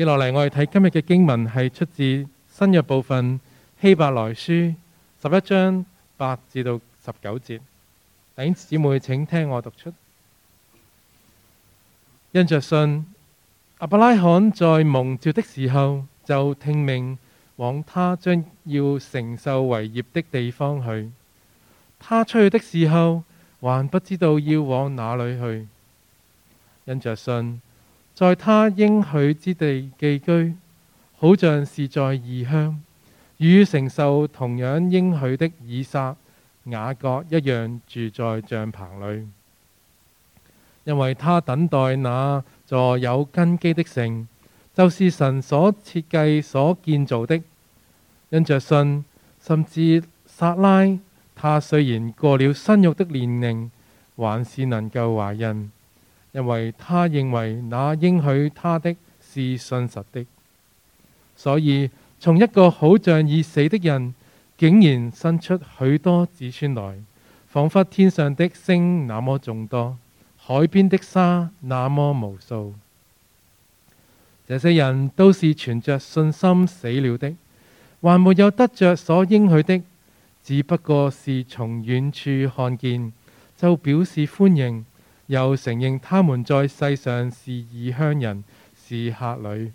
接落嚟，我哋睇今日嘅經文係出自新約部分希伯來書十一章八至到十九節。弟兄姊妹，請聽我讀出：因着信，亞伯拉罕在蒙召的時候就聽命，往他將要承受為業的地方去。他出去的時候還不知道要往哪裏去，因着信。在他應許之地寄居，好像是在異鄉，與承受同樣應許的以撒、雅各一樣住在帳棚裏。因為他等待那座有根基的城，就是神所設計、所建造的。因着信，甚至撒拉，他雖然過了生育的年齡，還是能夠懷孕。因為他認為那應許他的是信實的，所以從一個好像已死的人，竟然生出許多子孫來，仿佛天上的星那麼眾多，海邊的沙那麼無數。這些人都是存着信心死了的，還沒有得着所應許的，只不過是從遠處看見，就表示歡迎。又承認他們在世上是異鄉人，是客旅，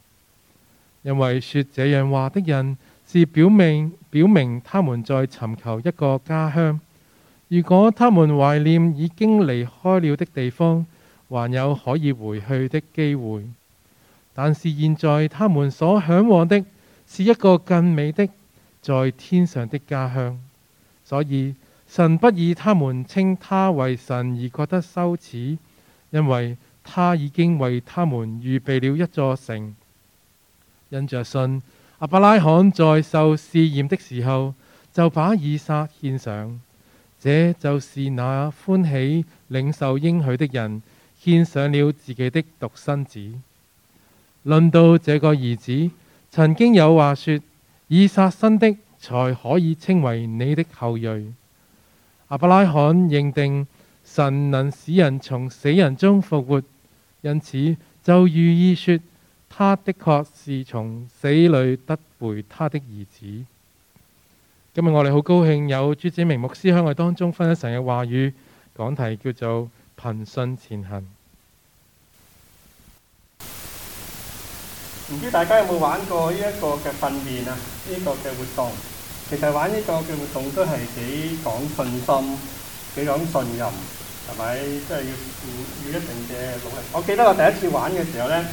因為說這樣話的人是表明表明他們在尋求一個家鄉。如果他們懷念已經離開了的地方，還有可以回去的機會，但是現在他們所向往的是一個更美的在天上的家鄉，所以。神不以他們稱他為神而覺得羞恥，因為他已經為他們預備了一座城。因着信，亞伯拉罕在受試驗的時候，就把以撒獻上。這就是那歡喜領受應許的人獻上了自己的獨生子。論到這個兒子，曾經有話說：以撒生的才可以稱為你的後裔。阿伯拉罕認定神能使人從死人中復活，因此就寓意說他的確是從死裏得回他的兒子。今日我哋好高興有朱子明牧師喺我哋當中分享神嘅話語，講題叫做憑信前行。唔知大家有冇玩過呢一個嘅訓練啊？呢、這個嘅活動。其實玩呢個嘅活動都係幾講信心，幾講信任，係咪？即係要要一定嘅努力。我記得我第一次玩嘅時候咧，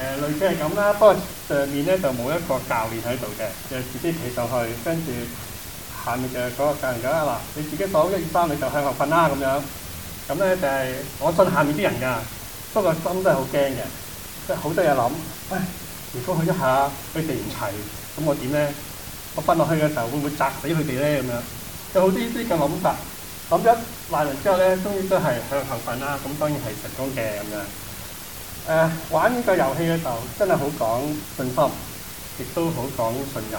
誒類似係咁啦，不過上面咧就冇一個教練喺度嘅，就自己企上去，跟住下面就嗰個教練講：嗱，你自己數一月三你就向後瞓啦咁樣。咁咧就係我信下面啲人㗎，不過心都係好驚嘅，即係好多嘢諗。喂，如果佢一下，佢哋唔齊，咁我點咧？我瞓落去嘅時候會唔會砸死佢哋咧？咁樣有好啲啲嘅諗法，諗完之後咧，終於都係向後瞓啦。咁當然係成功嘅咁樣。誒、呃，玩呢個遊戲嘅時候，真係好講信心，亦都好講信任，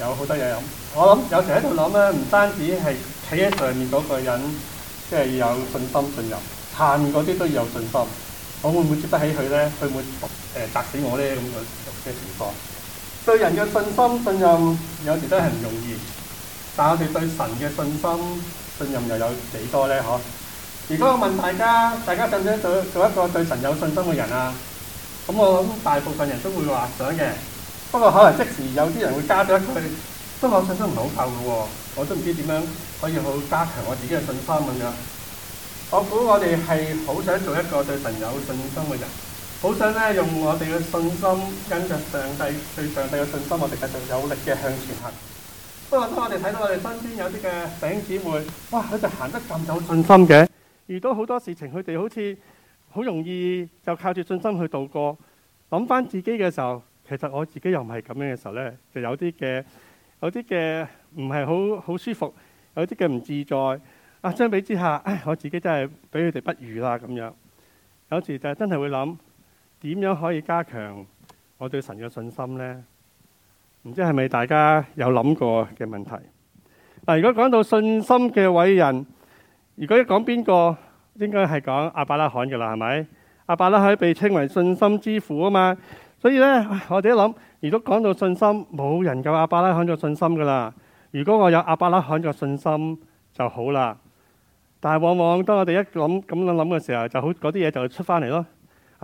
有好多嘢諗。我諗有時喺度諗咧，唔單止係企喺上面嗰個人，即係要有信心信任，下面嗰啲都要有信心。我會唔會接得起佢咧？佢會誒砸死我咧？咁樣嘅情況。對人嘅信心、信任有時都係唔容易，但我哋對神嘅信心、信任又有幾多咧？嗬！如果我問大家，大家想唔想做做一個對神有信心嘅人啊？咁我諗大部分人都會話想嘅。不過可能即時有啲人會加咗一句，對我信心唔好夠嘅喎，我都唔知點樣可以好加強我自己嘅信心咁樣。我估我哋係好想做一個對神有信心嘅人，啊、人，人，人。好想咧用我哋嘅信心，跟著上帝，對上帝嘅信心，我哋繼續有力嘅向前行。不過，當我哋睇到我哋身邊有啲嘅弟兄姊妹，哇！佢就行得咁有信心嘅，遇到好多事情，佢哋好似好容易就靠住信心去渡過。諗翻自己嘅時候，其實我自己又唔係咁樣嘅時候咧，就有啲嘅，有啲嘅唔係好好舒服，有啲嘅唔自在。啊，相比之下，唉，我自己真係比佢哋不如啦咁樣。有時就係真係會諗。點樣可以加強我對神嘅信心呢？唔知係咪大家有諗過嘅問題？嗱，如果講到信心嘅偉人，如果一講邊個，應該係講亞伯拉罕嘅啦，係咪？亞伯拉罕被稱為信心之父啊嘛，所以呢，我哋一諗，如果講到信心，冇人夠亞伯拉罕嘅信心噶啦。如果我有亞伯拉罕嘅信心就好啦。但係往往當我哋一諗咁樣諗嘅時候，就好嗰啲嘢就出翻嚟咯。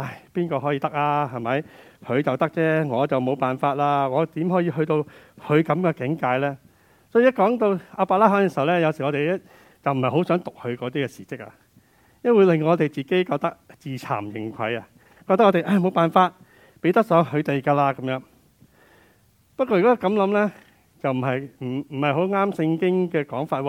唉，邊個可以得啊？係咪佢就得啫？我就冇辦法啦。我點可以去到佢咁嘅境界呢？所以一講到阿伯拉罕嘅時候呢，有時我哋一就唔係好想讀佢嗰啲嘅事跡啊，因為會令我哋自己覺得自慚形穢啊，覺得我哋唉冇辦法比得上佢哋噶啦咁樣。不過如果咁諗呢，就唔係唔唔係好啱聖經嘅講法。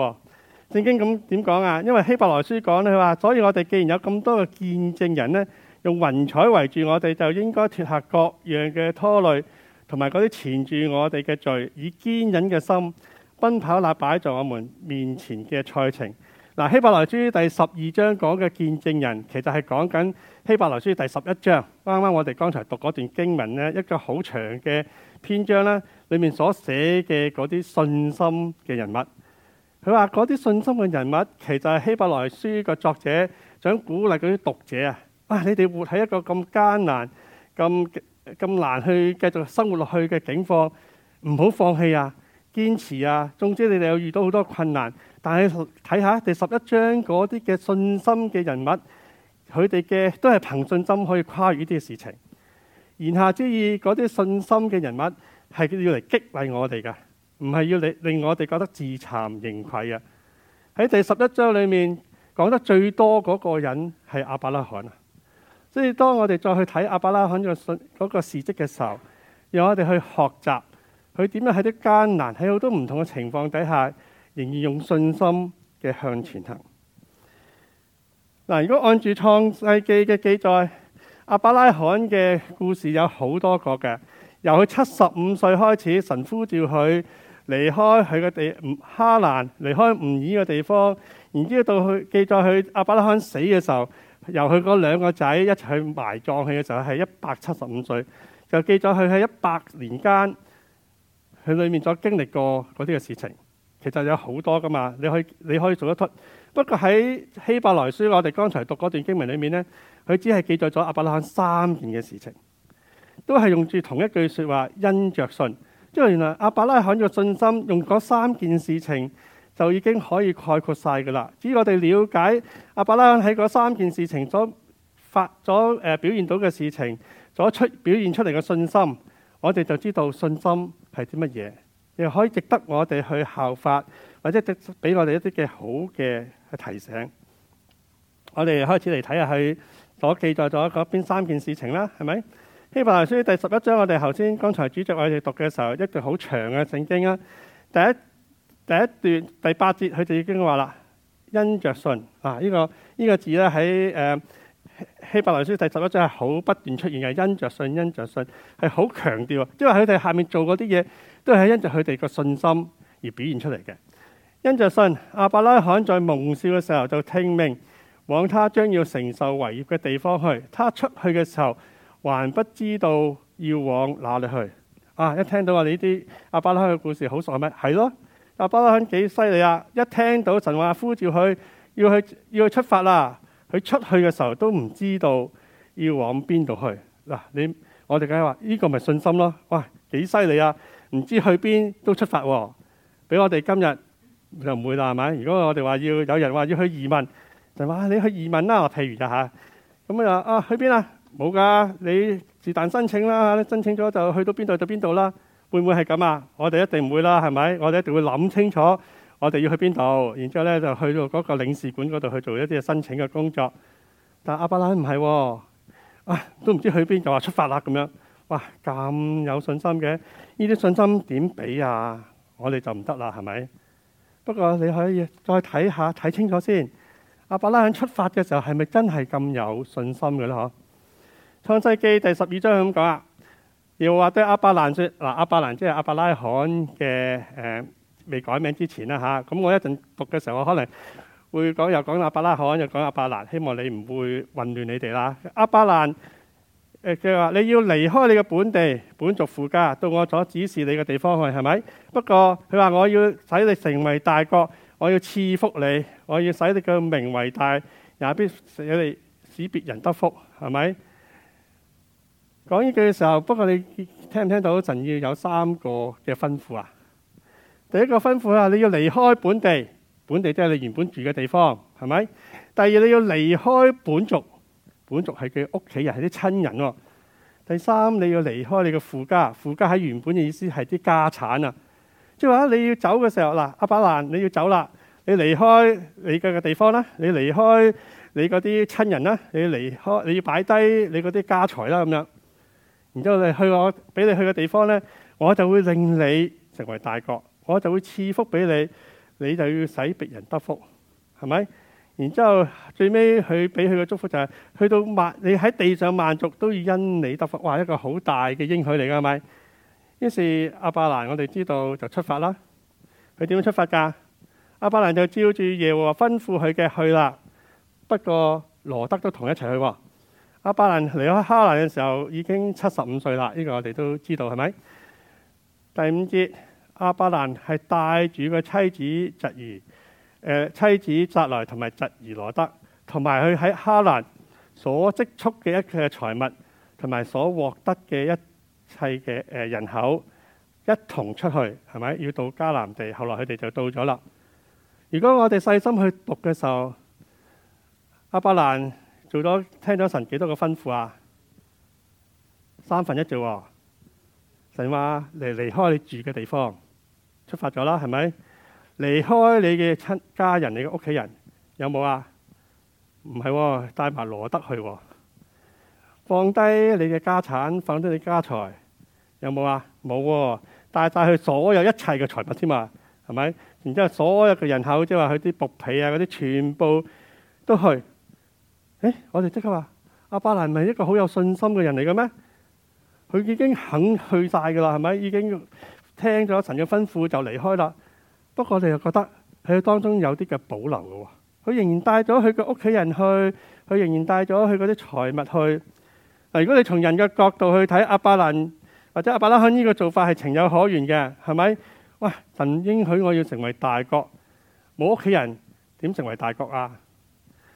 聖經咁點講啊？因為希伯來書講呢，佢話所以我哋既然有咁多嘅見證人呢。」用雲彩圍住我哋，就應該脱下各樣嘅拖累，同埋嗰啲纏住我哋嘅罪，以堅忍嘅心奔跑喇，擺在我們面前嘅賽程。嗱，《希伯來書》第十二章講嘅見證人，其實係講緊《希伯來書》第十一章，啱啱我哋剛才讀嗰段經文，呢一個好長嘅篇章，呢裏面所寫嘅嗰啲信心嘅人物，佢話嗰啲信心嘅人物，其實係希伯來書嘅作者想鼓勵嗰啲讀者啊。哇！你哋活喺一個咁艱難、咁咁難去繼續生活落去嘅境況，唔好放棄啊！堅持啊！總之，你哋有遇到好多困難，但係睇下第十一章嗰啲嘅信心嘅人物，佢哋嘅都係憑信心可以跨越啲嘅事情。言下之意，嗰啲信心嘅人物係要嚟激勵我哋嘅，唔係要嚟令我哋覺得自慚形穢啊！喺第十一章裡面講得最多嗰個人係阿伯拉罕啊。所以當我哋再去睇阿伯拉罕個信嗰事蹟嘅時候，讓我哋去學習佢點樣喺啲艱難、喺好多唔同嘅情況底下，仍然用信心嘅向前行。嗱，如果按住《創世記》嘅記載，阿伯拉罕嘅故事有好多個嘅，由佢七十五歲開始，神呼召佢離開佢嘅地哈蘭，離開吾爾嘅地方，然之後到佢記載佢阿伯拉罕死嘅時候。由佢嗰兩個仔一齊去埋葬佢嘅時候係一百七十五歲，就記咗佢喺一百年間，佢裏面所經歷過嗰啲嘅事情，其實有好多噶嘛。你可以你可以做得出，不過喺希伯來書我哋剛才讀嗰段經文裏面呢，佢只係記載咗阿伯拉罕三件嘅事情，都係用住同一句説話，因着信。因為原來阿伯拉罕嘅信心用嗰三件事情。就已經可以概括晒噶啦。至於我哋了解阿伯拉喺嗰三件事情所發咗誒，表現到嘅事情，所出表現出嚟嘅信心，我哋就知道信心係啲乜嘢，亦可以值得我哋去效法，或者值俾我哋一啲嘅好嘅提醒。我哋開始嚟睇下佢所記載咗嗰邊三件事情啦，係咪希伯來書第十一章？我哋頭先剛才主席我哋讀嘅時候一段好長嘅聖經啊，第一。第一段第八節，佢就已經話啦：因着信啊，依個依個字咧喺誒希伯來書第十一章係好不斷出現嘅。因着信，因着信係好強調，因為佢哋下面做嗰啲嘢都係因着佢哋個信心而表現出嚟嘅。因着信，亞伯拉罕在蒙召嘅時候就聽命往他將要承受遺業嘅地方去。他出去嘅時候還不知道要往哪裡去啊！一聽到話你呢啲亞伯拉罕嘅故事好傻咩？係咯。嗱，亞伯拉罕幾犀利啊！一聽到神話呼召佢，要去要去出發啦。佢出去嘅時候都唔知道要往邊度去。嗱、啊，你我哋梗係話呢個咪信心咯。哇，幾犀利啊！唔知去邊都出發喎。俾我哋今日就唔會啦，係咪？如果我哋話要有人話要去移民，就話你去移民啦。譬如就嚇咁啊，啊去邊啊？冇㗎，你是但申請啦，申請咗就去到邊度就邊度啦。去會唔會係咁啊？我哋一定唔會啦，係咪？我哋一定會諗清楚，我哋要去邊度，然之後咧就去到嗰個領事館嗰度去做一啲申請嘅工作。但阿伯拉唔係喎，啊都唔知去邊度話出發啦咁樣，哇咁有信心嘅？呢啲信心點畀啊？我哋就唔得啦，係咪？不過你可以再睇下睇清楚先。阿伯拉喺出發嘅時候係咪真係咁有信心嘅咧？嗬，《創世記》第十二章咁講啦。又話對亞伯蘭說：嗱，亞伯蘭即係亞伯拉罕嘅誒、呃、未改名之前啦嚇。咁、啊、我一陣讀嘅時候，我可能會講又講亞伯拉罕，又講亞伯蘭。希望你唔會混亂你哋啦。亞伯蘭佢話、呃：你要離開你嘅本地本族父家，到我所指示你嘅地方去，係咪？不過佢話：我要使你成為大國，我要賜福你，我要使你嘅名為大，也必使你使別人得福，係咪？講呢句嘅時候，不過你聽唔聽到？神要有三個嘅吩咐啊！第一個吩咐啊，你要離開本地，本地即係你原本住嘅地方，係咪？第二你要離開本族，本族係佢屋企人，係啲親人。第三你要離開你嘅父家，父家喺原本嘅意思係啲家產啊！即係話你要走嘅時候，嗱，阿伯蘭你要走啦，你離開你嘅嘅地方啦，你離開你嗰啲親人啦，你要離開你，你要擺低你嗰啲家財啦，咁樣。然之後你去我俾你去嘅地方呢，我就會令你成為大國，我就會賜福俾你，你就要使別人得福，係咪？然之後最尾佢俾佢嘅祝福就係去到萬，你喺地上萬族都要因你得福，哇，一個好大嘅應許嚟㗎係咪？於是亞伯蘭我哋知道就出發啦。佢點樣出發㗎？亞伯蘭就照住耶和華吩咐佢嘅去啦。不過羅得都同一齊去喎。亞伯蘭離開哈蘭嘅時候已經七十五歲啦，呢、這個我哋都知道係咪？第五節，亞伯蘭係帶住個妻子侄兒，誒、呃、妻子撒萊同埋侄兒羅得，同埋佢喺哈蘭所積蓄嘅一嘅財物，同埋所獲得嘅一切嘅誒人口，一同出去係咪？要到迦南地，後來佢哋就到咗啦。如果我哋細心去讀嘅時候，亞伯蘭。做咗聽咗神幾多個吩咐啊？三分一做，神話嚟，離開你住嘅地方，出發咗啦，係咪？離開你嘅親家人、你嘅屋企人有冇啊？唔係，帶埋羅德去，放低你嘅家產，放低你的家財，有冇啊？冇，帶帶去所有一切嘅財物添嘛？係咪？然之後所有嘅人口，即係話佢啲僕婢啊嗰啲，全部都去。誒，我哋即刻話：阿伯蘭唔係一個好有信心嘅人嚟嘅咩？佢已經肯去晒嘅啦，係咪已經聽咗神嘅吩咐就離開啦？不過我哋又覺得佢當中有啲嘅保留嘅喎，佢仍然帶咗佢嘅屋企人去，佢仍然帶咗佢嗰啲財物去。如果你從人嘅角度去睇阿伯蘭，或者阿伯拉罕，呢個做法係情有可原嘅，係咪？哇！神應許我要成為大國，冇屋企人點成為大國啊？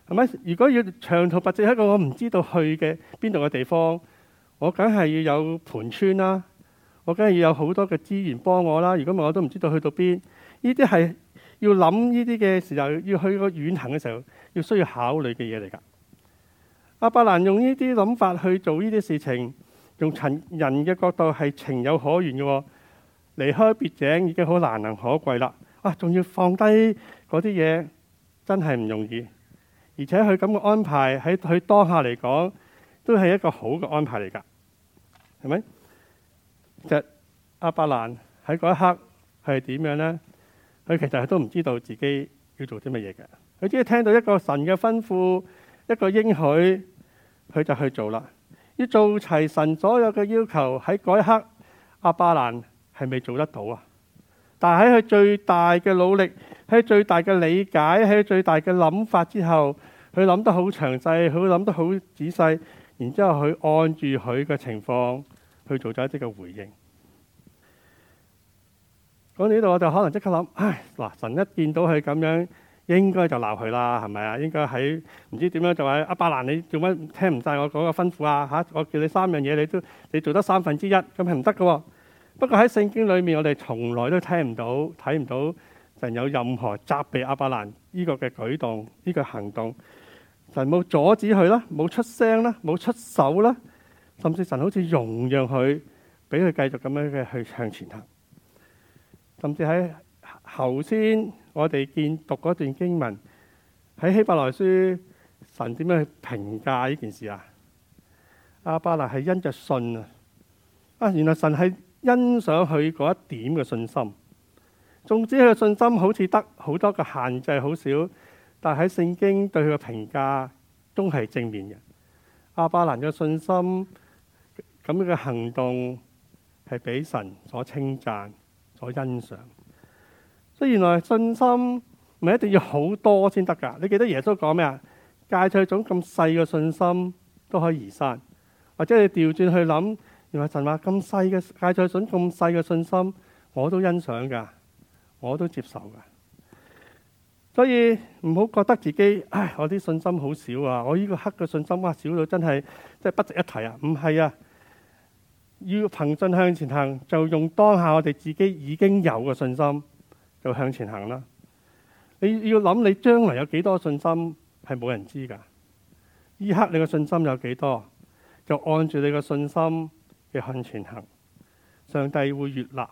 係咪？如果要長途跋涉一個我唔知道去嘅邊度嘅地方，我梗係要有盤川啦，我梗係要有好多嘅資源幫我啦。如果唔係，我都唔知道去到邊。呢啲係要諗呢啲嘅時候，要去個遠行嘅時候，要需要考慮嘅嘢嚟㗎。阿伯蘭用呢啲諗法去做呢啲事情，用陳人嘅角度係情有可原嘅。離開別井已經好難能可貴啦，啊，仲要放低嗰啲嘢，真係唔容易。而且佢咁嘅安排喺佢當下嚟講，都係一個好嘅安排嚟㗎，係咪？其實亞伯蘭喺嗰一刻係點樣呢？佢其實都唔知道自己要做啲乜嘢嘅，佢只係聽到一個神嘅吩咐，一個應許，佢就去做啦。要做齊神所有嘅要求，喺嗰一刻，亞伯蘭係咪做得到啊？嗱，喺佢最大嘅努力，喺最大嘅理解，喺最大嘅諗法之後，佢諗得好詳細，佢會諗得好仔細，然之後佢按住佢嘅情況去做咗一啲嘅回應。講到呢度我就可能即刻諗，唉，嗱，神一見到佢咁樣，應該就鬧佢啦，係咪啊？應該喺唔知點樣就係亞伯蘭，你做乜聽唔晒我講嘅吩咐啊？嚇，我叫你三樣嘢，你都你做得三分之一，咁係唔得㗎喎。不過喺聖經裏面，我哋從來都聽唔到、睇唔到神有任何責備阿伯蘭呢個嘅舉動、呢、呢個行動。神冇阻止佢啦，冇出聲啦，冇出手啦，甚至神好似容讓佢，俾佢繼續咁樣嘅去向前行。甚至喺頭先，我哋見讀嗰段經文喺希伯來書，神點樣去評價呢件事啊？阿伯蘭係因着信啊！啊，原來神係。欣賞佢嗰一點嘅信心，總之，佢嘅信心好似得好多嘅限制，好少，但係喺聖經對佢嘅評價都係正面嘅。亞伯蘭嘅信心，咁樣嘅行動係俾神所稱讚，所欣賞。所以原來信心唔係一定要好多先得噶。你記得耶穌講咩啊？芥菜種咁細嘅信心都可以移山，或者你調轉去諗。原來神話咁細嘅芥菜籽咁細嘅信心，我都欣賞噶，我都接受噶。所以唔好覺得自己，唉，我啲信心好少啊！我依個刻嘅信心哇，少到真係即係不值一提啊！唔係啊，要憑信向前行，就用當下我哋自己已經有嘅信心就向前行啦。你要諗你將來有幾多信心係冇人知噶。依刻你嘅信心有幾多？就按住你嘅信心。嘅向前行，上帝會悅納，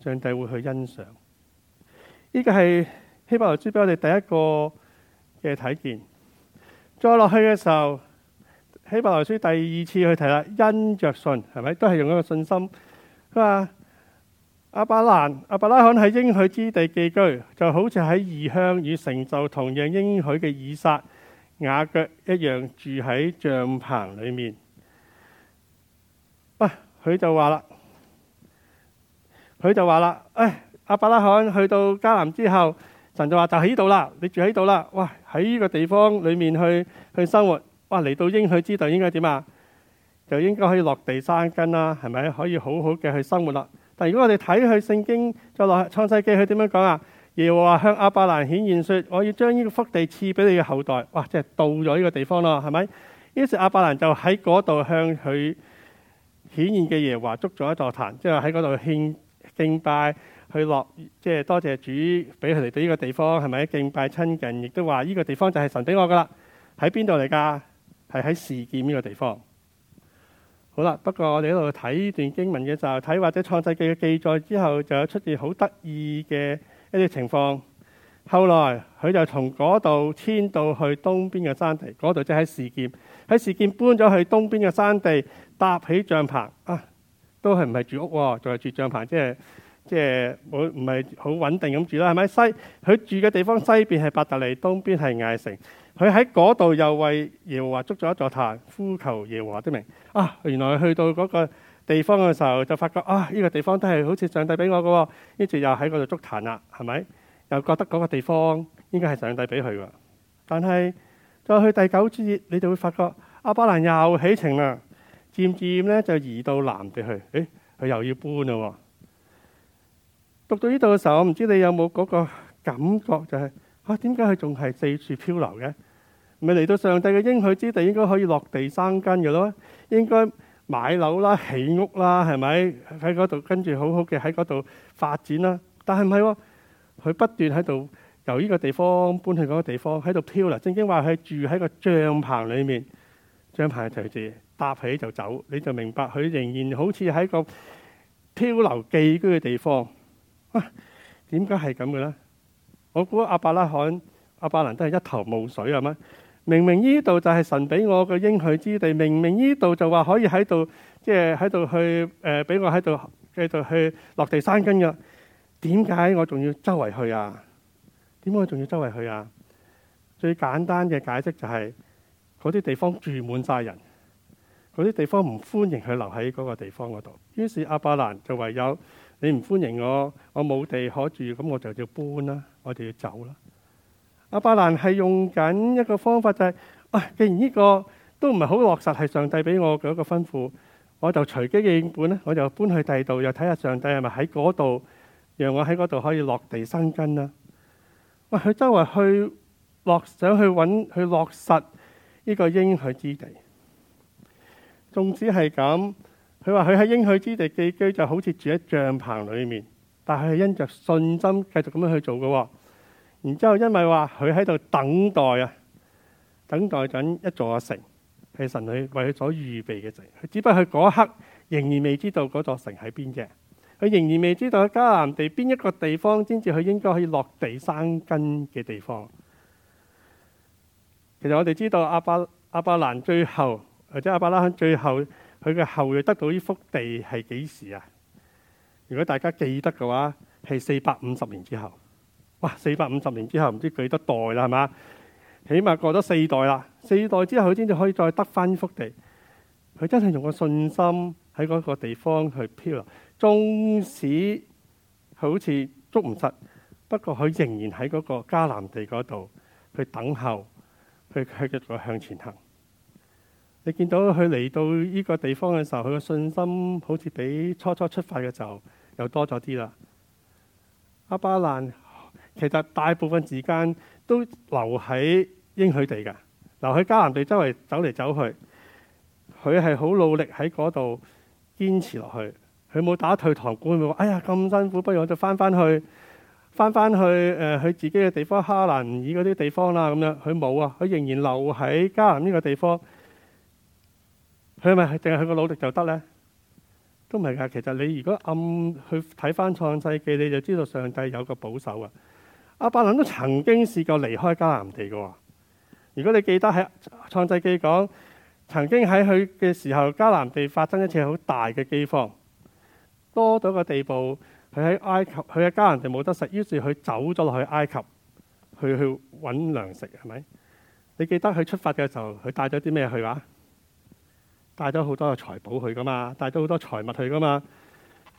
上帝會去欣賞。呢個係希伯來書俾我哋第一個嘅睇見。再落去嘅時候，希伯來書第二次去提啦，因着信，係咪都係用一個信心？佢話阿伯蘭，阿伯拉罕喺應許之地寄居，就好似喺異鄉與成就同樣應許嘅以撒、雅各一樣，住喺帳篷裏面。佢就話啦，佢就話啦，哎，阿伯拉罕去到迦南之後，神就話就喺呢度啦，你住喺度啦，哇，喺呢個地方裏面去去生活，哇，嚟到應許之地應該點啊？就應該可以落地生根啦，係咪？可以好好嘅去生活啦。但如果我哋睇佢聖經再落創世記，佢點樣講啊？耶和華向阿伯蘭顯現說，我要將呢個福地賜俾你嘅後代，哇，即係到咗呢個地方啦，係咪？於是阿伯蘭就喺嗰度向佢。顯現嘅耶和華築咗一座壇，即係喺嗰度獻敬拜，去落即係多謝主俾佢哋嚟到呢個地方，係咪？敬拜親近，亦都話呢個地方就係神俾我噶啦。喺邊度嚟㗎？係喺示劍呢個地方。好啦，不過我哋喺度睇段經文嘅時候，睇或者創世記嘅記載之後，就有出現好得意嘅一啲情況。後來佢就從嗰度遷到去東邊嘅山地，嗰度即係喺示劍，喺示劍搬咗去東邊嘅山地，搭起帳篷啊，都係唔係住屋，仲係住帳篷，即係即係冇唔係好穩定咁住啦，係咪？西佢住嘅地方西邊係伯特利，東邊係艾城，佢喺嗰度又為耶和華築咗一座壇，呼求耶和華的名啊！原來去到嗰個地方嘅時候，就發覺啊，呢、這個地方都係好似上帝俾我嘅，跟住又喺嗰度築壇啦，係咪？又覺得嗰個地方應該係上帝俾佢噶，但係再去第九節，你就會發覺亞伯蘭又起程啦，漸漸咧就移到南地去。誒，佢又要搬嘞。讀到呢度嘅時候，我唔知你有冇嗰個感覺，就係嚇點解佢仲係四處漂流嘅？咪嚟到上帝嘅應許之地，應該可以落地生根嘅咯，應該買樓啦、起屋啦，係咪喺嗰度跟住好好嘅喺嗰度發展啦？但係唔係喎？佢不斷喺度由依個地方搬去嗰個地方，喺度漂流。正經話佢住喺個帳棚裏面，帳棚字、就係、搭起就走，你就明白佢仍然好似喺個漂流寄居嘅地方。點解係咁嘅呢？我估阿伯拉罕、阿伯蘭都係一頭霧水係咩？明明呢度就係神俾我嘅應許之地，明明呢度就話可以喺度，即係喺度去誒，俾、呃、我喺度繼續去落地生根㗎。點解我仲要周圍去啊？點解我仲要周圍去啊？最簡單嘅解釋就係嗰啲地方住滿晒人，嗰啲地方唔歡迎佢留喺嗰個地方嗰度。於是阿伯蘭就唯有你唔歡迎我，我冇地可住，咁我就要搬啦，我就要走啦。阿伯蘭係用緊一個方法，就係，哎，既然呢個都唔係好落實，係上帝俾我嘅一個吩咐，我就隨機應本咧，我就搬去第二度，又睇下上帝係咪喺嗰度。讓我喺嗰度可以落地生根啦。喂，佢周圍去落，想去揾去落實呢個應許之地。總之係咁，佢話佢喺應許之地寄居，就好似住喺帳篷裏面，但係因着信心繼續咁樣去做嘅。然之後，因為話佢喺度等待啊，等待緊一座城，係神佢為佢所預備嘅城。佢只不過嗰一刻仍然未知道嗰座城喺邊啫。佢仍然未知道喺迦南地邊一個地方先至，佢應該可以落地生根嘅地方。其實我哋知道阿伯阿伯蘭最後，或者阿伯拉罕最後，佢嘅後裔得到呢幅地係幾時啊？如果大家記得嘅話，係四百五十年之後。哇！四百五十年之後，唔知幾多代啦，係嘛？起碼過咗四代啦，四代之後佢先至可以再得翻幅地。佢真係用個信心喺嗰個地方去漂流。縱使好似捉唔實，不過佢仍然喺嗰個迦南地嗰度去等候，去繼續向前行。你見到佢嚟到呢個地方嘅時候，佢嘅信心好似比初初出發嘅時候又多咗啲啦。阿巴蘭其實大部分時間都留喺應許地嘅，留喺迦南地周圍走嚟走去。佢係好努力喺嗰度堅持落去。佢冇打退堂鼓，咪話：哎呀，咁辛苦，不如我就翻翻去，翻翻去佢、呃、自己嘅地方，哈蘭爾嗰啲地方啦。咁樣佢冇啊，佢仍然留喺迦南呢個地方。佢咪係淨係佢個努力就得咧？都唔係㗎。其實你如果暗去睇翻創世記，你就知道上帝有個保守啊。亞伯蘭都曾經試過離開迦南地嘅。如果你記得喺創世記講，曾經喺佢嘅時候，迦南地發生一次好大嘅饑荒。多到個地步，佢喺埃及，佢一家人哋冇得食，於是佢走咗落去埃及，去去搵糧食，係咪？你記得佢出發嘅時候，佢帶咗啲咩去啊？帶咗好多嘅財寶去噶嘛，帶咗好多財物去噶嘛。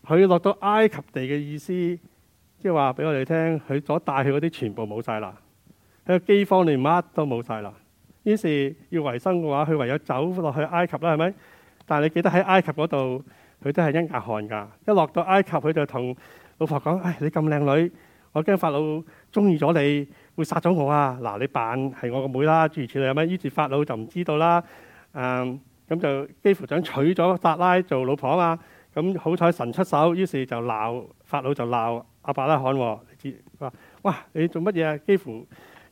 佢落到埃及地嘅意思，即係話俾我哋聽，佢所帶去嗰啲全部冇晒啦，佢個饑荒連，你乜都冇晒啦。於是要維生嘅話，佢唯有走落去埃及啦，係咪？但係你記得喺埃及嗰度。佢都係一額汗噶，一落到埃及佢就同老婆講：唉，你咁靚女，我驚法老中意咗你，會殺咗我啊！嗱，你扮係我個妹啦，諸如此類咁樣。於是法老就唔知道啦，咁、嗯、就幾乎想娶咗撒拉做老婆啊嘛。咁好彩神出手，於是就鬧法老就鬧亞伯拉罕，喎，話哇你做乜嘢？幾乎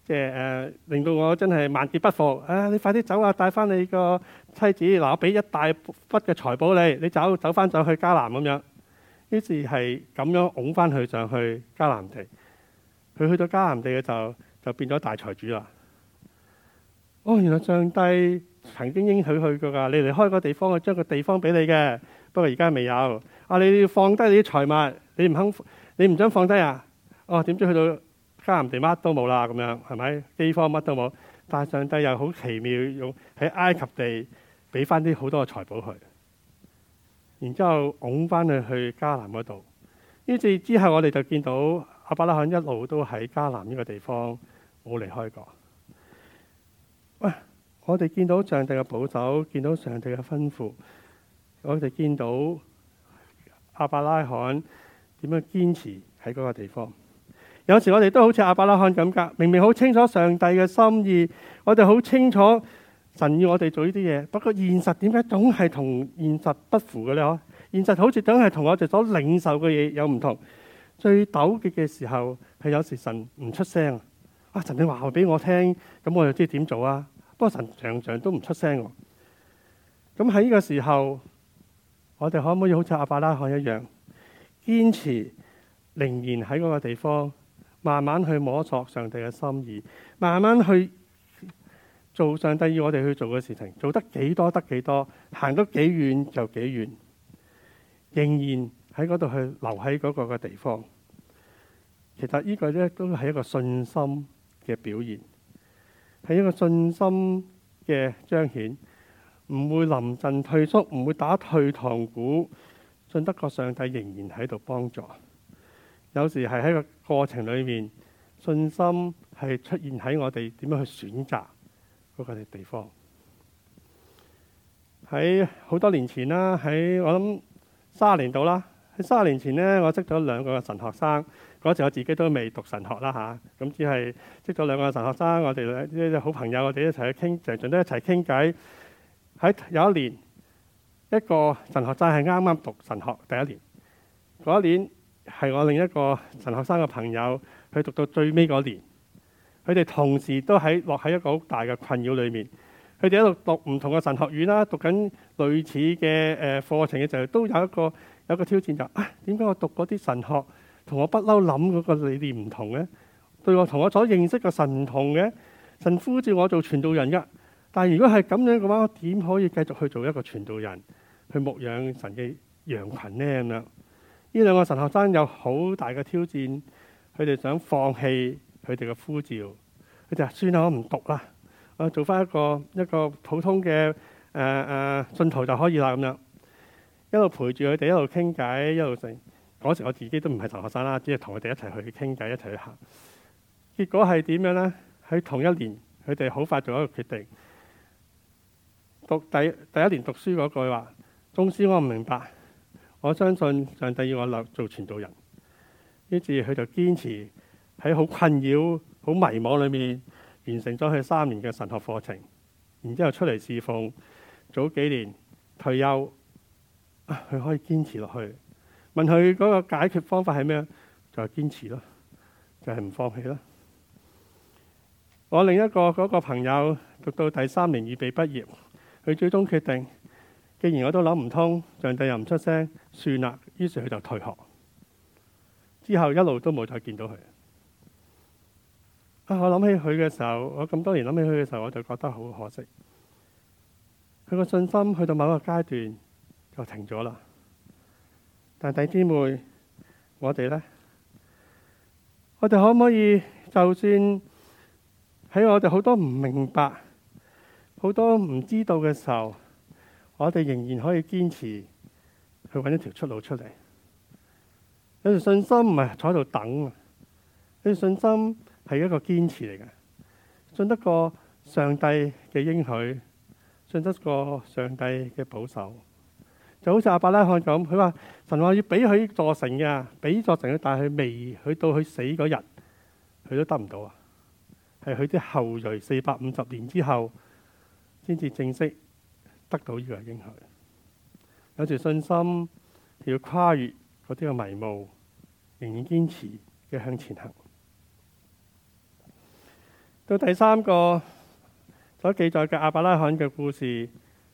即係、呃、令到我真係萬劫不復，啊。你快啲走啊，帶翻你個妻子。嗱，我俾一大筆嘅財寶你，你走走翻走去迦南咁樣，於是係咁樣拱翻去上去迦南地。佢去到迦南地嘅就就變咗大財主啦。哦，原來上帝曾經應許佢過噶，你離開個地方，我將個地方俾你嘅。不過而家未有。啊，你要放低你啲財物，你唔肯，你唔想放低啊？哦，點知去到迦南地乜都冇啦咁樣，係咪？饑荒乜都冇，但係上帝又好奇妙，用喺埃及地。俾翻啲好多嘅財寶佢，然之後拱翻佢去迦南嗰度。於是之後，我哋就見到亞伯拉罕一路都喺迦南呢個地方冇離開過。喂、哎，我哋見到上帝嘅保守，見到上帝嘅吩咐，我哋見到亞伯拉罕點樣堅持喺嗰個地方。有時我哋都好似亞伯拉罕咁噶，明明好清楚上帝嘅心意，我哋好清楚。神要我哋做呢啲嘢，不過現實點解總係同現實不符嘅咧？嗬，現實好似總係同我哋所領受嘅嘢有唔同。最糾結嘅時候係有時神唔出聲啊！啊，神你話俾我聽，咁我又知點做啊。不過神常常都唔出聲，咁喺呢個時候，我哋可唔可以好似阿伯拉罕一樣，堅持，仍然喺嗰個地方，慢慢去摸索上帝嘅心意，慢慢去。做上帝要我哋去做嘅事情，做得幾多得幾多，行得幾遠就幾遠，仍然喺嗰度去留喺嗰個嘅地方。其實呢個咧都係一個信心嘅表現，係一個信心嘅彰顯，唔會臨陣退縮，唔會打退堂鼓。信得過上帝，仍然喺度幫助。有時係喺個過程裏面，信心係出現喺我哋點樣去選擇。嗰、那個、地方喺好多年前啦，喺我諗卅年度啦。喺卅年前呢，我識咗兩個神學生。嗰時我自己都未讀神學啦嚇，咁只係識咗兩個神學生。我哋咧好朋友，我哋一齊去傾，常常都一齊傾偈。喺有一年，一個神學生係啱啱讀神學第一年。嗰一年係我另一個神學生嘅朋友，佢讀到最尾嗰年。佢哋同時都喺落喺一個好大嘅困擾裏面，佢哋喺度讀唔同嘅神學院啦，讀緊類似嘅誒課程嘅時候，都有一個有一個挑戰就係，啊，點解我讀嗰啲神學同我不嬲諗嗰個理念唔同嘅，對我同我所認識嘅神唔同嘅，神呼召我做傳道人嘅，但如果係咁樣嘅話，我點可以繼續去做一個傳道人去牧養神嘅羊群呢？咁樣，呢兩個神學生有好大嘅挑戰，佢哋想放棄。佢哋嘅呼召，佢就話算啦，我唔讀啦，我做翻一個一個普通嘅誒誒信徒就可以啦咁樣，一路陪住佢哋一路傾偈，一路成嗰時我自己都唔係同學生啦，只係同佢哋一齊去傾偈，一齊去行。結果係點樣呢？喺同一年，佢哋好快做一個決定，讀第第一年讀書嗰句話，宗師我唔明白，我相信上帝要我落做傳道人，於是佢就堅持。喺好困擾、好迷茫裏面，完成咗佢三年嘅神學課程，然之後出嚟侍奉，早幾年退休，佢、啊、可以堅持落去。問佢嗰個解決方法係咩？就係、是、堅持咯，就係、是、唔放棄咯。我另一個嗰個朋友讀到第三年預備畢業，佢最終決定，既然我都諗唔通，上帝又唔出聲，算啦。於是佢就退學，之後一路都冇再見到佢。啊！我諗起佢嘅時候，我咁多年諗起佢嘅時候，我就覺得好可惜。佢個信心去到某個階段就停咗啦。但是弟兄妹，我哋咧，我哋可唔可以就算喺我哋好多唔明白、好多唔知道嘅時候，我哋仍然可以堅持去揾一條出路出嚟。有條信心唔係坐喺度等啊，有條信心。係一個堅持嚟嘅，信得過上帝嘅應許，信得過上帝嘅保守。就好似阿伯拉罕咁，佢話神話要俾佢座城嘅，俾座城嘅，但係未去到佢死嗰日，佢都得唔到啊！係佢啲後裔四百五十年之後，先至正式得到呢個應許。有住信心，要跨越嗰啲嘅迷霧，仍然堅持嘅向前行。到第三個所記載嘅阿伯拉罕嘅故事，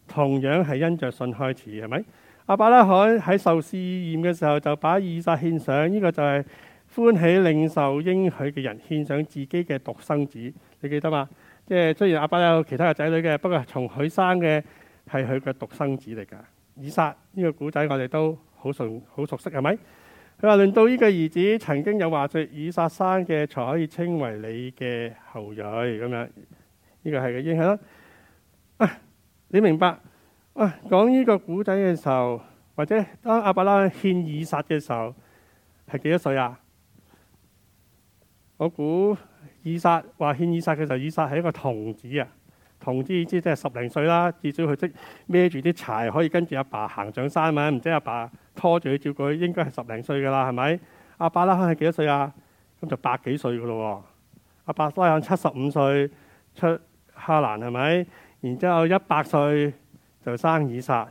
同樣係因着信開始，係咪？阿伯拉罕喺受試驗嘅時候，就把以撒獻上，呢個就係歡喜領受應許嘅人獻上自己嘅獨生子，你記得嘛？即係雖然阿伯拉有其他嘅仔女嘅，不過從佢生嘅係佢嘅獨生子嚟㗎。以撒呢個古仔，我哋都好熟好熟悉，係咪？佢話：，輪到呢個兒子，曾經有話説以撒生嘅，才可以稱為你嘅後裔。咁樣，呢個係嘅英雄。啊，你明白？啊，講呢個古仔嘅時候，或者當亞伯拉罕獻以撒嘅時候，係幾多歲啊？我估以撒話獻以撒嘅時候，以撒係一個童子啊！同之之即係十零歲啦，至少佢即孭住啲柴可以跟住阿爸行上山咪，唔知阿爸拖住佢照顧，應該係十零歲㗎啦，係咪？亞伯拉罕係幾多歲啊？咁就百幾歲㗎咯。亞伯拉罕七十五歲出哈蘭係咪？然之後一百歲就生以撒，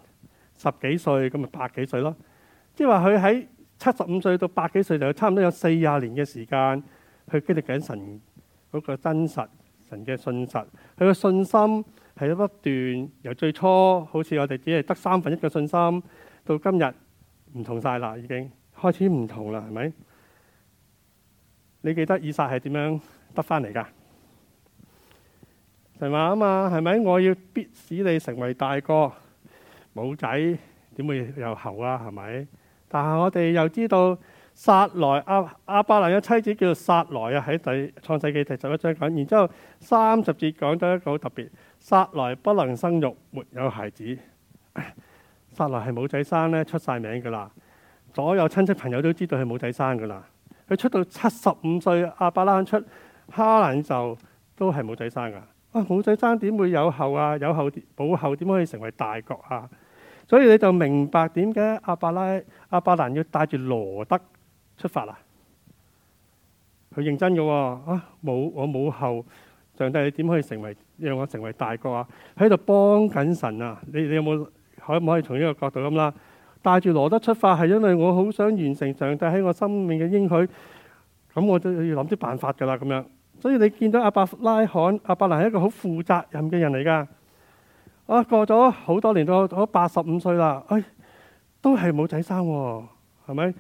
十幾歲咁咪百幾歲咯。即係話佢喺七十五歲到百幾歲就差唔多有四十年嘅時間去經歷緊神嗰個真實。人嘅信實，佢嘅信心係一不斷。由最初好似我哋只係得三分一嘅信心，到今日唔同晒啦，已經開始唔同啦，係咪？你記得以撒係點樣得翻嚟㗎？神話啊嘛，係咪？我要必使你成為大哥，冇仔點會有後啊？係咪？但係我哋又知道。撒來阿亞伯蘭嘅妻子叫做撒來啊，喺第創世記第十一章講，然之後三十節講到一個好特別，撒來不能生育，沒有孩子。撒來係冇仔生咧，出晒名噶啦，所有親戚朋友都知道係冇仔生噶啦。佢出到七十五歲，阿伯蘭出哈蘭就都係冇仔生噶。哇、啊，冇仔生點會有後啊？有後補後點可以成為大國啊？所以你就明白點解阿伯拉亞伯蘭要帶住羅德。出發啦、啊！佢認真嘅、哦、啊，冇我母后，上帝你點可以成為讓我成為大國啊？喺度幫緊神啊！你你有冇可唔可以從呢個角度咁啦？帶住羅德出發係因為我好想完成上帝喺我生命嘅應許，咁我就要諗啲辦法噶啦咁樣。所以你見到阿伯拉罕，阿伯蘭係一個好負責任嘅人嚟噶。啊，過咗好多年都八十五歲啦，哎，都係冇仔生係、啊、咪？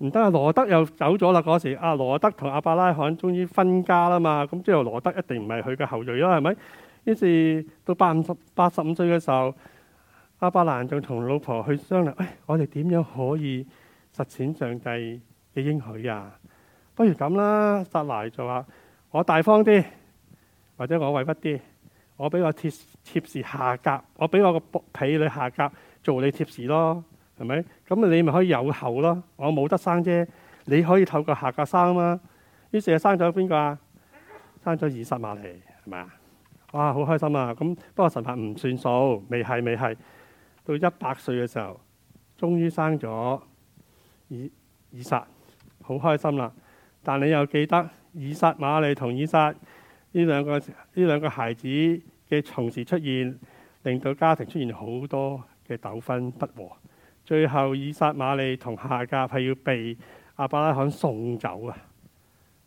唔得啊！羅德又走咗啦嗰時，阿羅德同阿伯拉罕終於分家啦嘛，咁之後羅德一定唔係佢嘅後裔啦，係咪？於是到八五十八十五歲嘅時候，阿伯蘭仲同老婆去商量，誒、哎，我哋點樣可以實踐上帝嘅應許呀、啊？不如咁啦，撒萊就話：我大方啲，或者我委屈啲，我俾個貼貼士下格，我俾我個薄被你下格做你貼士咯。係咪咁？你咪可以有後咯。我冇得生啫，你可以透過夏甲生啦。於是就生咗邊個啊？生咗以撒瑪利，係咪啊？哇，好開心啊！咁不過神父唔算數，未係未係。到一百歲嘅時候，終於生咗以以撒，好開心啦、啊。但你又記得以撒瑪利同以撒呢兩個呢兩個孩子嘅同時出現，令到家庭出現好多嘅糾紛不和。最後以撒馬利同夏甲係要被亞伯拉罕送走啊，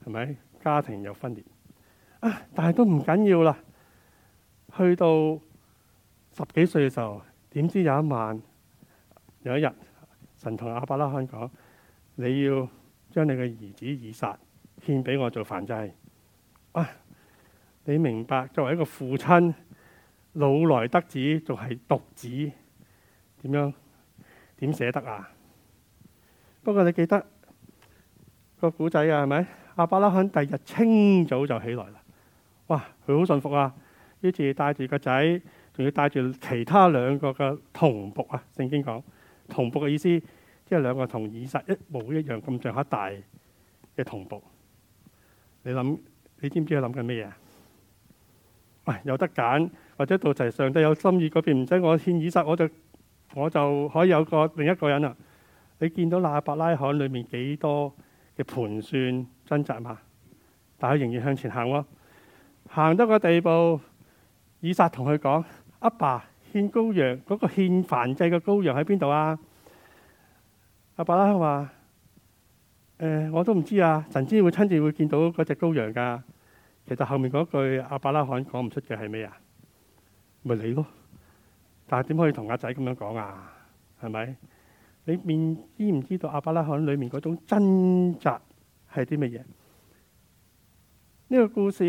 係咪家庭有分裂？啊、但係都唔緊要啦。去到十幾歲嘅時候，點知有一晚有一日，神同亞伯拉罕講：你要將你嘅兒子以撒獻俾我做燔祭，啊、你明白作為一個父親，老來得子仲係獨子，點樣？點捨得啊？不過你記得、那個古仔啊，係咪？亞伯拉罕第日清早就起來啦，哇！佢好順服啊，於是帶住個仔，仲要帶住其他兩個嘅同僕啊。聖經講同僕嘅意思，即係兩個同以撒一模一樣咁上下大嘅同僕。你諗，你知唔知佢諗緊咩嘢？喂、哎，有得揀，或者到時上帝有心意嗰邊，唔使我獻以撒，我就。我就可以有個另一個人啦。你見到阿伯拉罕裏面幾多嘅盤算掙扎嘛？但佢仍然向前行喎、啊。行到個地步，以撒同佢講：阿爸，爸，獻羔羊嗰、那個獻燔祭嘅羔羊喺邊度啊？阿伯拉罕話、呃：我都唔知道啊。神知會親自會見到嗰隻羔羊㗎。其實後面嗰句阿伯拉罕講唔出嘅係咩啊？咪、就是、你咯。但係點可以同阿仔咁樣講啊？係咪？你面知唔知道阿伯拉罕裏面嗰種掙扎係啲乜嘢？呢個故事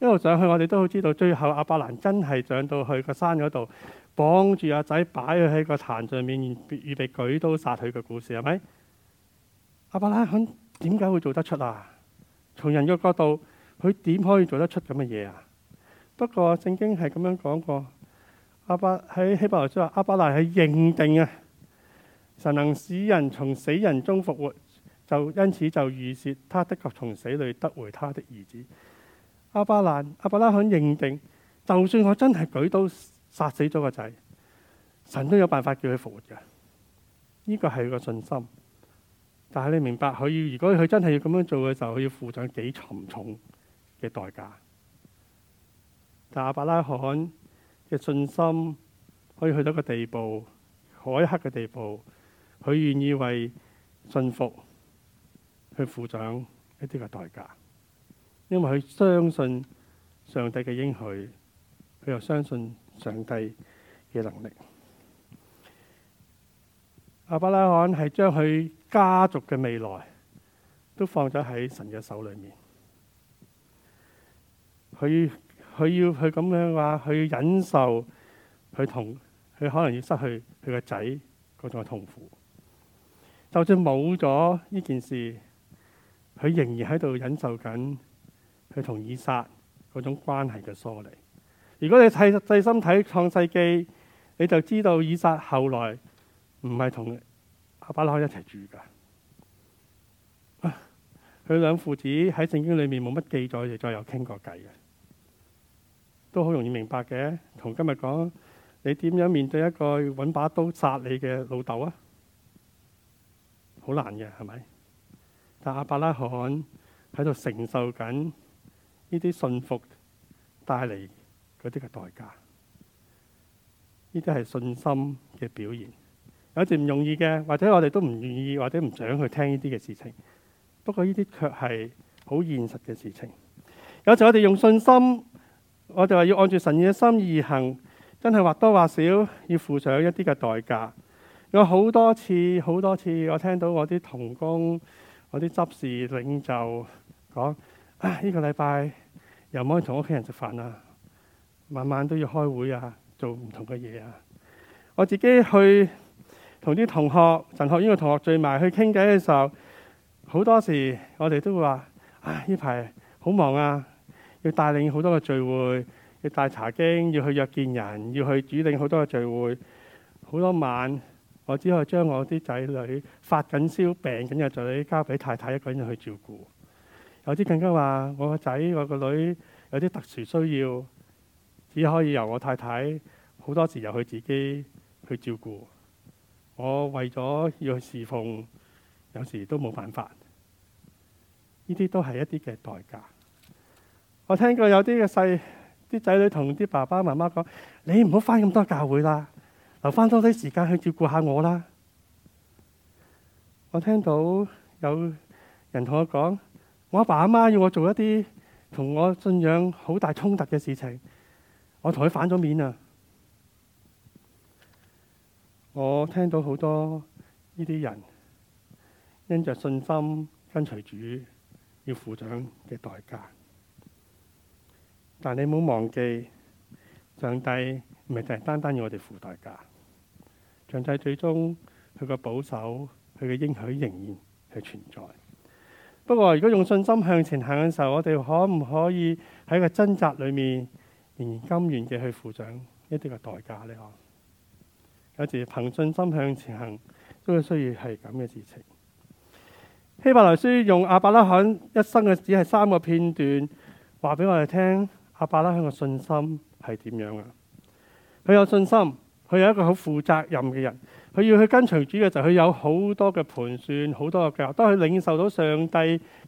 一路上去，我哋都好知道最後阿伯蘭真係上到去個山嗰度，綁住阿仔擺佢喺個壇上面，預備舉刀殺佢嘅故事係咪？阿伯拉罕點解會做得出啊？從人嘅角度，佢點可以做得出咁嘅嘢啊？不過聖經係咁樣講過。阿伯喺希伯來書話：阿伯拉罕認定啊，神能使人從死人中復活，就因此就預設他的確從死裏得回他的兒子。阿伯拉阿伯拉罕認定，就算我真係舉刀殺死咗個仔，神都有辦法叫佢復活嘅。呢、這個係佢嘅信心。但係你明白，佢如果佢真係要咁樣做嘅時候，佢要付上幾沉重嘅代價。但阿伯拉罕。嘅信心可以去到一個地步，海克嘅地步，佢願意為信服去付上一啲嘅代價，因為佢相信上帝嘅應許，佢又相信上帝嘅能力。亞伯拉罕係將佢家族嘅未來都放咗喺神嘅手裏面，佢。佢要佢咁樣話，佢要忍受佢同佢可能要失去佢個仔嗰種痛苦。就算冇咗呢件事，佢仍然喺度忍受緊佢同以撒嗰種關係嘅疏離。如果你細細心睇創世記，你就知道以撒後來唔係同亞伯拉罕一齊住㗎。佢兩父子喺聖經裏面冇乜記載，亦再有傾過偈嘅。都好容易明白嘅，同今日講你點樣面對一個搵把刀殺你嘅老豆啊？好難嘅係咪？但阿伯拉罕喺度承受緊呢啲信服帶嚟嗰啲嘅代價，呢啲係信心嘅表現。有時唔容易嘅，或者我哋都唔願意，或者唔想去聽呢啲嘅事情。不過呢啲卻係好現實嘅事情。有時我哋用信心。我哋話要按住神嘅心意行，真係或多或少要付上一啲嘅代價。有好多次、好多次，我聽到我啲同工、我啲執事領袖講：呢個禮拜又唔可以同屋企人食飯啦，晚晚都要開會啊，做唔同嘅嘢啊。我自己去同啲同學、神學院嘅同學聚埋去傾偈嘅時候，好多時我哋都會話：啊，呢排好忙啊！要帶領好多個聚會，要帶茶經，要去約見人，要去主領好多個聚會。好多晚我只可以將我啲仔女發緊燒病緊嘅仔女交俾太太一個人去照顧。有啲更加話我個仔我個女有啲特殊需要，只可以由我太太好多時由佢自己去照顧。我為咗要去侍奉，有時都冇辦法。呢啲都係一啲嘅代價。我聽過有啲嘅細啲仔女同啲爸爸媽媽講：你唔好返咁多教會啦，留返多啲時間去照顧下我啦。我聽到有人同我講：我阿爸阿媽要我做一啲同我信仰好大衝突嘅事情，我同佢反咗面啊！我聽到好多呢啲人因着信心跟隨主，要付上嘅代價。但你唔好忘記，上帝唔係淨係單單要我哋付代價，上帝最終佢個保守、佢嘅應許仍然係存在。不過如果用信心向前行嘅時候，我哋可唔可以喺個掙扎裏面，仍然甘願嘅去付上一啲嘅代價呢？嗬，有時憑信心向前行，都係需要係咁嘅事情。希伯來書用阿伯拉罕一生嘅只係三個片段，話俾我哋聽。阿伯拉罕嘅信心係點樣啊？佢有信心，佢有一個好負責任嘅人。佢要去跟隨主嘅時候，佢有好多嘅盤算，好多嘅計劃。當佢領受到上帝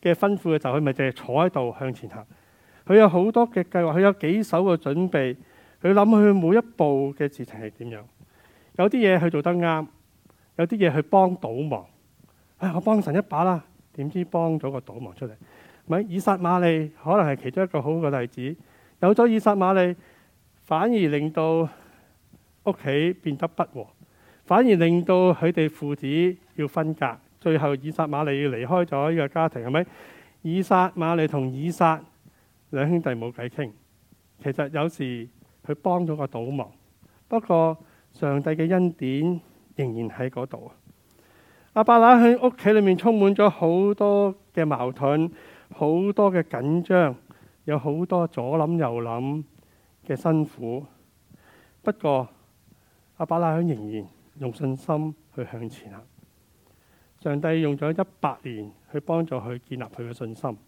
嘅吩咐嘅時候，佢咪淨係坐喺度向前行。佢有好多嘅計劃，佢有幾手嘅準備，佢諗佢每一步嘅事情係點樣。有啲嘢佢做得啱，有啲嘢佢幫倒忙。唉、哎，我幫神一把啦，點知幫咗個倒忙出嚟？咪以實瑪利可能係其中一個好嘅例子。有咗以實瑪利，反而令到屋企變得不和，反而令到佢哋父子要分隔。最後以實瑪利要離開咗呢個家庭，係咪？以實瑪利同以撒兩兄弟冇偈傾。其實有時佢幫咗個倒忙，不過上帝嘅恩典仍然喺嗰度。亞伯拉罕喺屋企裏面充滿咗好多嘅矛盾，好多嘅緊張。有好多左諗右諗嘅辛苦，不過阿伯拉罕仍然用信心去向前行。上帝用咗一百年去幫助佢建立佢嘅信心，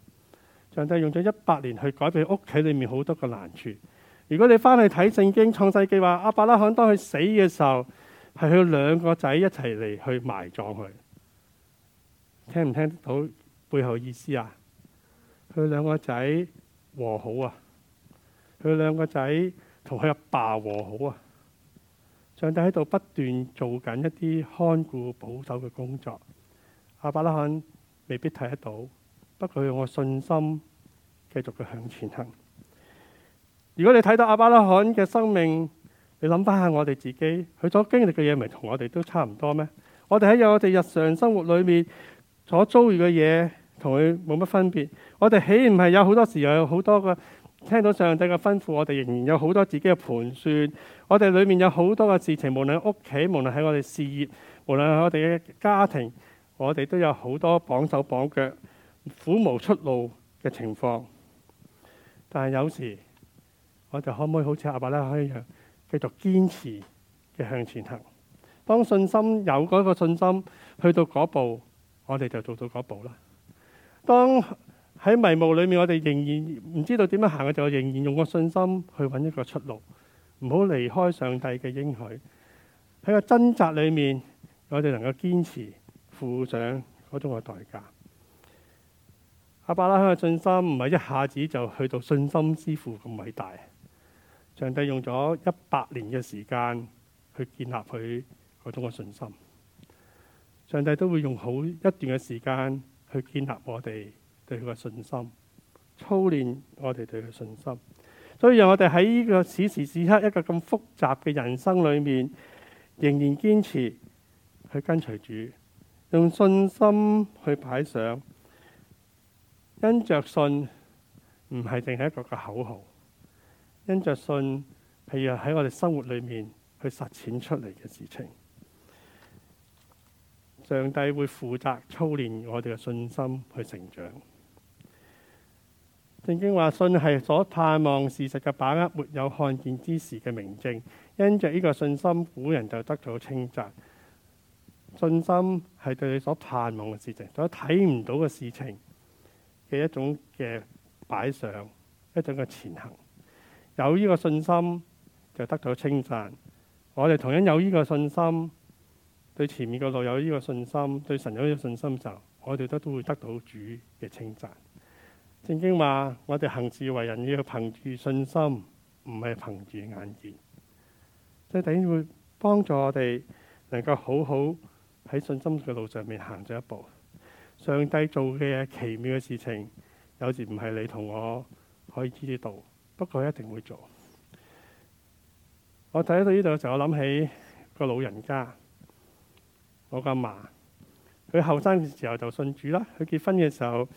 上帝用咗一百年去改變屋企裏面好多嘅難處。如果你翻去睇聖經創世紀話，阿伯拉罕當佢死嘅時候，係佢兩個仔一齊嚟去埋葬佢。聽唔聽得到背後意思啊？佢兩個仔。和好啊！佢兩個仔同佢阿爸和好啊！上帝喺度不斷做緊一啲看顧、保守嘅工作。亞伯拉罕未必睇得到，不過用我信心繼續佢向前行。如果你睇到亞伯拉罕嘅生命，你諗翻下我哋自己，佢所經歷嘅嘢，咪同我哋都差唔多咩？我哋喺有我哋日常生活裏面所遭遇嘅嘢。同佢冇乜分別。我哋豈唔係有好多時？又有好多個聽到上帝嘅吩咐，我哋仍然有好多自己嘅盤算。我哋裏面有好多嘅事情，無論屋企，無論喺我哋事業，無論喺我哋嘅家庭，我哋都有好多綁手綁腳、苦無出路嘅情況。但係有時，我哋可唔可以好似阿伯拉罕一樣，繼續堅持嘅向前行？當信心有嗰個信心，去到嗰步，我哋就做到嗰步啦。當喺迷霧裏面，我哋仍然唔知道點樣行嘅，就仍然用個信心去搵一個出路，唔好離開上帝嘅應許。喺個掙扎裏面，我哋能夠堅持，付上嗰種嘅代價。阿伯拉罕嘅信心唔係一下子就去到信心之父咁偉大，上帝用咗一百年嘅時間去建立佢嗰種嘅信心。上帝都會用好一段嘅時間去建立我哋對佢嘅信心，操練我哋對佢信心，所以讓我哋喺呢個此時此刻一個咁複雜嘅人生裏面，仍然堅持去跟隨主，用信心去擺上。因着信唔係淨係一個嘅口號，因着信係要喺我哋生活裏面去實踐出嚟嘅事情。上帝會負責操練我哋嘅信心去成長。聖經話：信係所盼望事實嘅把握，沒有看見之時嘅明證。因着呢個信心，古人就得到稱讚。信心係對你所盼望嘅事情，所睇唔到嘅事情嘅一種嘅擺上，一種嘅前行。有呢個信心就得到稱讚。我哋同樣有呢個信心。對前面個路有呢個信心，對神有呢個信心就，我哋都都會得到主嘅稱讚。聖經話，我哋行事為人要憑住信心，唔係憑住眼見。即係等於會幫助我哋能夠好好喺信心嘅路上面行咗一步？上帝做嘅奇妙嘅事情，有時唔係你同我可以知道，不過一定會做。我睇到呢度嘅時候，我諗起個老人家。我個阿嫲，佢後生嘅時候就信主啦。佢結婚嘅時候，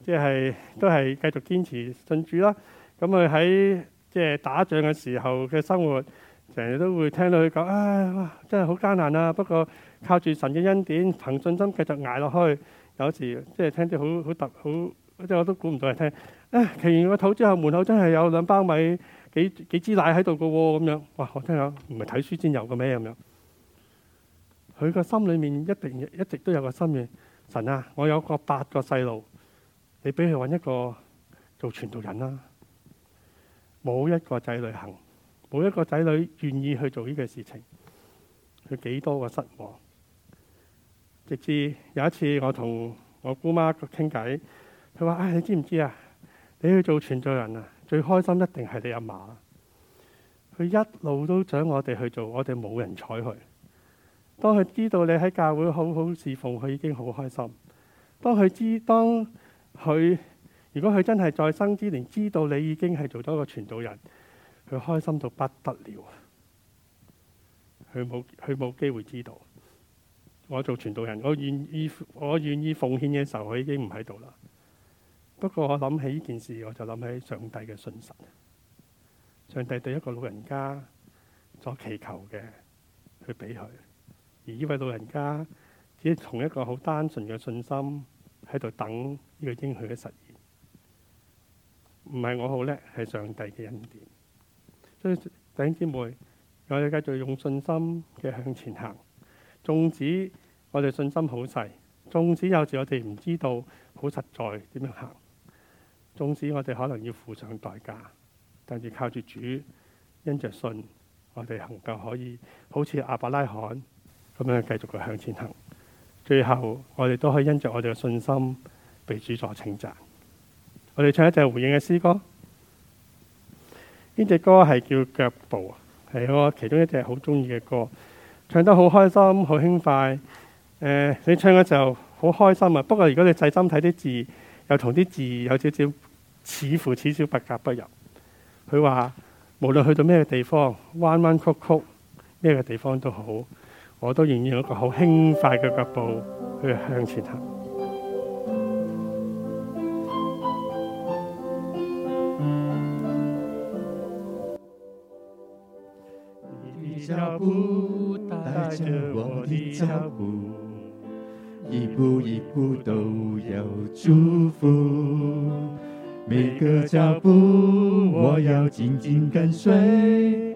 即係都係繼續堅持信主啦。咁佢喺即係打仗嘅時候嘅生活，成日都會聽到佢講：唉，真係好艱難啊！不過靠住神嘅恩典，憑信心繼續捱落去。有時即係聽啲好好特好即係我都估唔到佢聽。唉，祈完個禱之後，門口真係有兩包米、幾幾支奶喺度嘅喎，咁樣哇！我聽下，唔係睇書先有嘅咩咁樣？佢個心裏面一定一直都有個心願，神啊，我有個八個細路，你俾佢揾一個做傳道人啦。冇一個仔女行，冇一個仔女願意去做呢個事情，佢幾多個失望。直至有一次我同我姑媽傾偈，佢話：啊、哎，你知唔知啊？你去做傳道人啊，最開心一定係你阿嫲。佢一路都想我哋去做，我哋冇人睬佢。當佢知道你喺教會好好侍奉，佢已經好開心。當佢知，當佢如果佢真係在生之年知道你已經係做咗一個傳道人，佢開心到不得了。佢冇佢冇機會知道我做傳道人，我願意我願意奉獻嘅時候，佢已經唔喺度啦。不過我諗起呢件事，我就諗起上帝嘅信實。上帝對一個老人家所祈求嘅，去俾佢。而呢位老人家只從一個好單純嘅信心喺度等呢個應許嘅實現不是，唔係我好叻，係上帝嘅恩典。所以弟兄姊妹，我哋繼續用信心嘅向前行。縱使我哋信心好細，縱使有時我哋唔知道好實在點樣行，縱使我哋可能要付上代價，但係靠住主因着信，我哋能夠可以，好似阿伯拉罕。咁樣繼續去向前行，最後我哋都可以因着我哋嘅信心被主所稱讚。我哋唱一隻回應嘅詩歌，呢隻歌係叫腳步，係我其中一隻好中意嘅歌，唱得好開心，好輕快。誒、呃，你唱嘅時候好開心啊！不過如果你細心睇啲字，又同啲字有少少似乎似少格格不入。佢話無論去到咩地方，彎彎曲曲咩嘅地方都好。我都願意一個好輕快嘅腳步去向前行。你的腳步帶着我的腳步，一步一步都有祝福，每個腳步我要緊緊跟隨。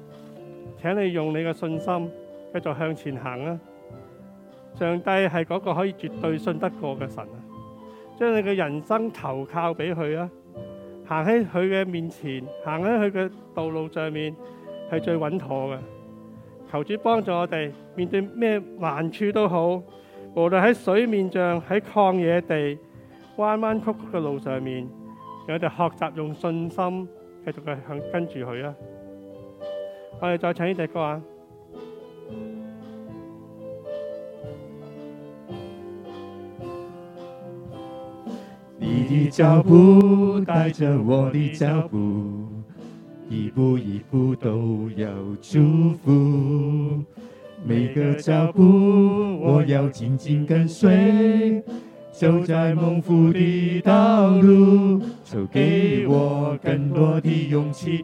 請你用你嘅信心繼續向前行啊！上帝係嗰個可以絕對信得過嘅神啊，將你嘅人生投靠俾佢啊！行喺佢嘅面前，行喺佢嘅道路上面係最穩妥嘅。求主幫助我哋面對咩難處都好，無論喺水面上，喺曠野地、彎彎曲曲嘅路上面，讓我哋學習用信心繼續去向跟住佢啊！我們再唱一首歌啊。你的腳步帶着我的腳步，一步一步都要祝福。每個腳步我要緊緊跟隨，走在蒙福的道路，就給我更多的勇氣。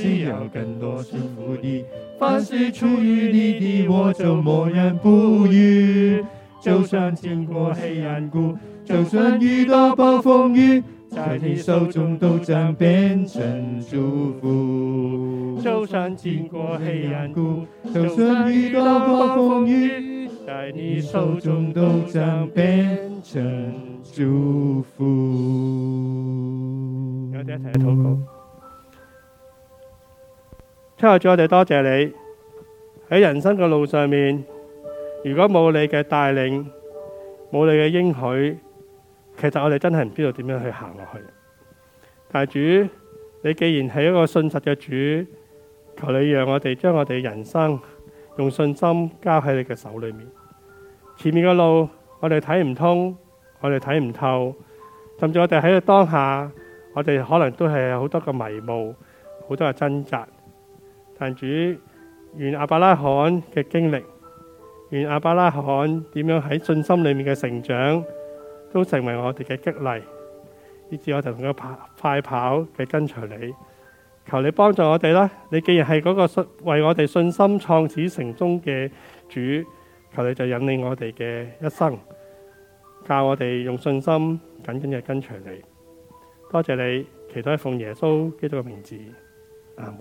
需要更多幸福的，凡是出於你的，我就默然不語。就算經過黑暗谷，就算遇到暴風雨，在你手中都將變成祝福。就算經過黑暗谷，就算遇到暴風雨，在你手中都將變成祝福。親愛主，我哋多謝，謝你喺人生嘅路上面，如果冇你嘅帶領，冇你嘅應許，其實我哋真係唔知道點樣去行落去。但主，你既然係一個信實嘅主，求你讓我哋將我哋人生用信心交喺你嘅手裏面。前面嘅路，我哋睇唔通，我哋睇唔透，甚至我哋喺當下，我哋可能都係好多嘅迷霧，好多嘅掙扎。但主，願阿伯拉罕嘅經歷，願阿伯拉罕點樣喺信心裏面嘅成長，都成為我哋嘅激勵。以至我哋同佢快快跑嘅跟隨你，求你幫助我哋啦！你既然係嗰個信為我哋信心創始成終嘅主，求你就引領我哋嘅一生，教我哋用信心緊緊嘅跟隨你。多謝你，求都奉耶穌基督嘅名字。阿